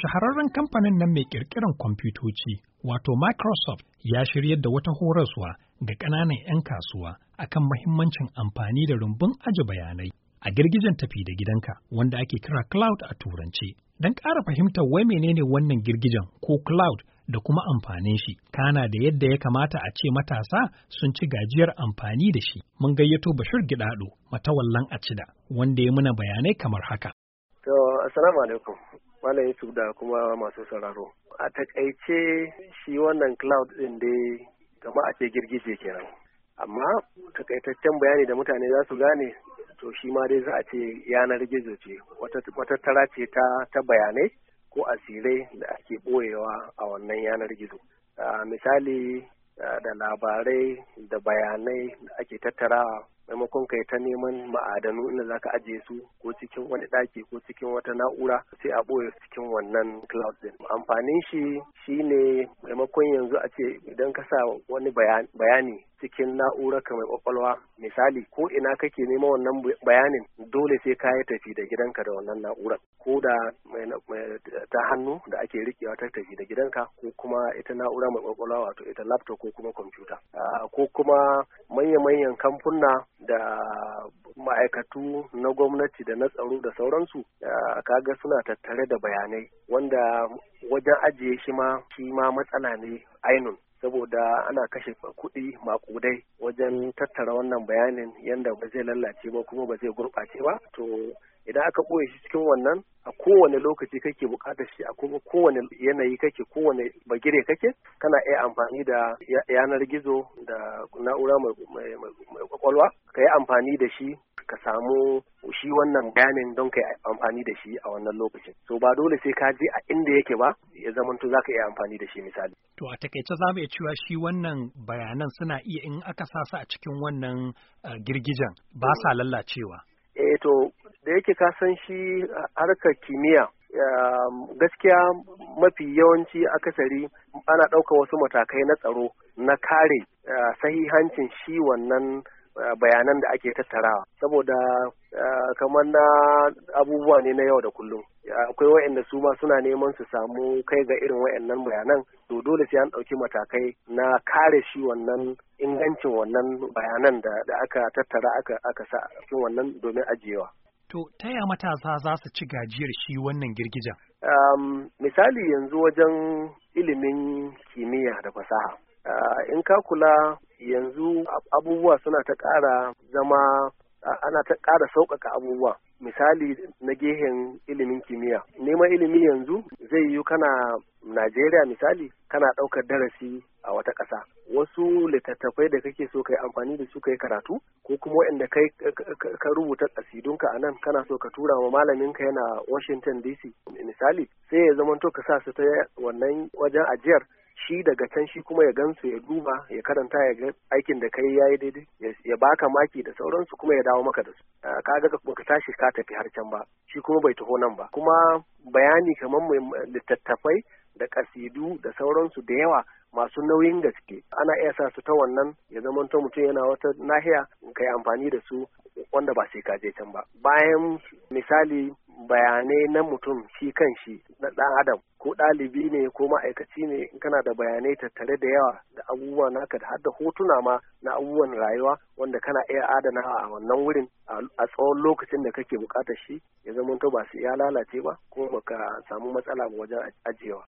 shahararren kamfanin nan mai ƙirƙirar kwamfutoci wato Microsoft ya shiryar da wata horaswa ga ƙananan 'yan kasuwa akan mahimmancin amfani da rumbun aji bayanai a girgijen tafi da gidanka wanda ake kira cloud a turance. Don ƙara fahimtar wai menene wannan girgijen ko cloud da kuma amfanin shi, kana da yadda ya kamata a ce matasa sun ci gajiyar amfani da shi. Mun gayyato Bashir gidaɗo, matawallan a cida, wanda ya muna bayanai kamar haka. To, assalamu alaikum. Malam Yusuf da kuma masu sauraro. A takaice shi wannan cloud ɗin dai gama a ce girgije kenan. Amma takaitaccen bayani da mutane za su gane to shi ma dai za a ce yanar gizo ce wata tara ce ta, ta bayanai ko asirai da ake ɓoyewa a wannan yanar gizo. misali da labarai da bayanai da ake tattarawa maimakon kai ta neman ma'adanu inda za ka ajiye su ko cikin wani ɗaki ko cikin wata na'ura sai a ɓoye cikin wannan cloud din amfanin shi shi ne maimakon yanzu a ce idan ka sa wani bayani cikin na'urarka kamar mai kwakwalwa misali ko ina kake nema wannan bayanin dole sai ka yi tafi da gidanka da wannan na'urar ko da ta hannu da ake rikewa ta tafi da gidanka ko kuma ita na'ura mai kwakwalwa wato ita laptop ko kuma kwamfuta ah, ko kuma manya-manyan kamfuna da ma'aikatu na gwamnati da na tsaro da sauransu ah, Ka ga suna tattare da bayanai wanda wajen ajiye shi ma shi ma matsala ne ainun saboda ana kashe kuɗi makudai wajen tattara wannan bayanin yadda ba zai lallace ba kuma ba zai gurɓace ba to idan aka ɓoye shi cikin wannan a kowane lokaci kake buƙatar shi a kuma kowane yanayi kake kowane bagire kake kana iya amfani da yanar gizo da na'ura mai kwakwalwa ka yi amfani da shi ka samu shi wannan bayanin don kai amfani da shi a wannan lokacin so ba dole sai ka je a inda yake ba ya zamanto za ka iya amfani da shi misali to a takaice za mu iya cewa shi wannan bayanan suna iya in aka sa su a cikin wannan eh, girgijan ba sa lallacewa eh to da yake ka san shi eh, harkar kimiyya eh, gaskiya mafi yawanci akasari ana ɗauka wasu matakai na tsaro na kare sahihancin shi wannan Eh, bayanan da ake tattarawa saboda eh, kamar na abubuwa ne na yau da kullum akwai wa'anda su ma suna neman su samu kai ga irin wa'annan bayanan to dole sai an ɗauki matakai na kare shi wannan ingancin wannan bayanan da aka tattara aka sa a cikin wannan domin ajiyewa To, ta ya matasa za su ci gajiyar shi wannan girgijan. misali yanzu wajen ilimin kimiyya da fasaha. Ah, in ka kula yanzu abubuwa suna ta ƙara zama ana ta ƙara sauƙaƙa abubuwa misali na gehen ilimin kimiyya neman ilimi yanzu zai yi kana najeriya misali kana ɗaukar darasi a wata ƙasa wasu littattafai da kake so ka yi amfani da su kai karatu ko kuma waɗanda kai ka rubuta ƙasidunka a nan kana so ka tura wa malaminka yana washington dc misali sai ya zamanto ka sa su ta wannan wajen ajiyar shi daga can shi kuma ya gansu ya duba ya karanta ya aikin da kai yayi daidai ya baka maki da sauransu kuma ya dawo maka da su ah, Ka kaga ka tashi ka tafi har can ba shi kuma bai taho nan ba kuma bayani kamar mai littattafai da kasidu da sauransu da yawa masu nauyin gaske ana iya sa su ta wannan ya zama ta mutum yana wata nahiya ka yi amfani da su wanda ba sai ka je can ba bayan misali bayanai na mutum shi kan shi na ɗan adam ko ɗalibi ne ko ma'aikaci ne in kana da bayanai tattare da yawa da abubuwa naka da har da hotuna ma na abubuwan rayuwa wanda kana iya adana a wannan wurin a tsawon lokacin da kake buƙatar shi ya to ba su iya lalace ba kuma baka samu matsala wajen ajiyewa.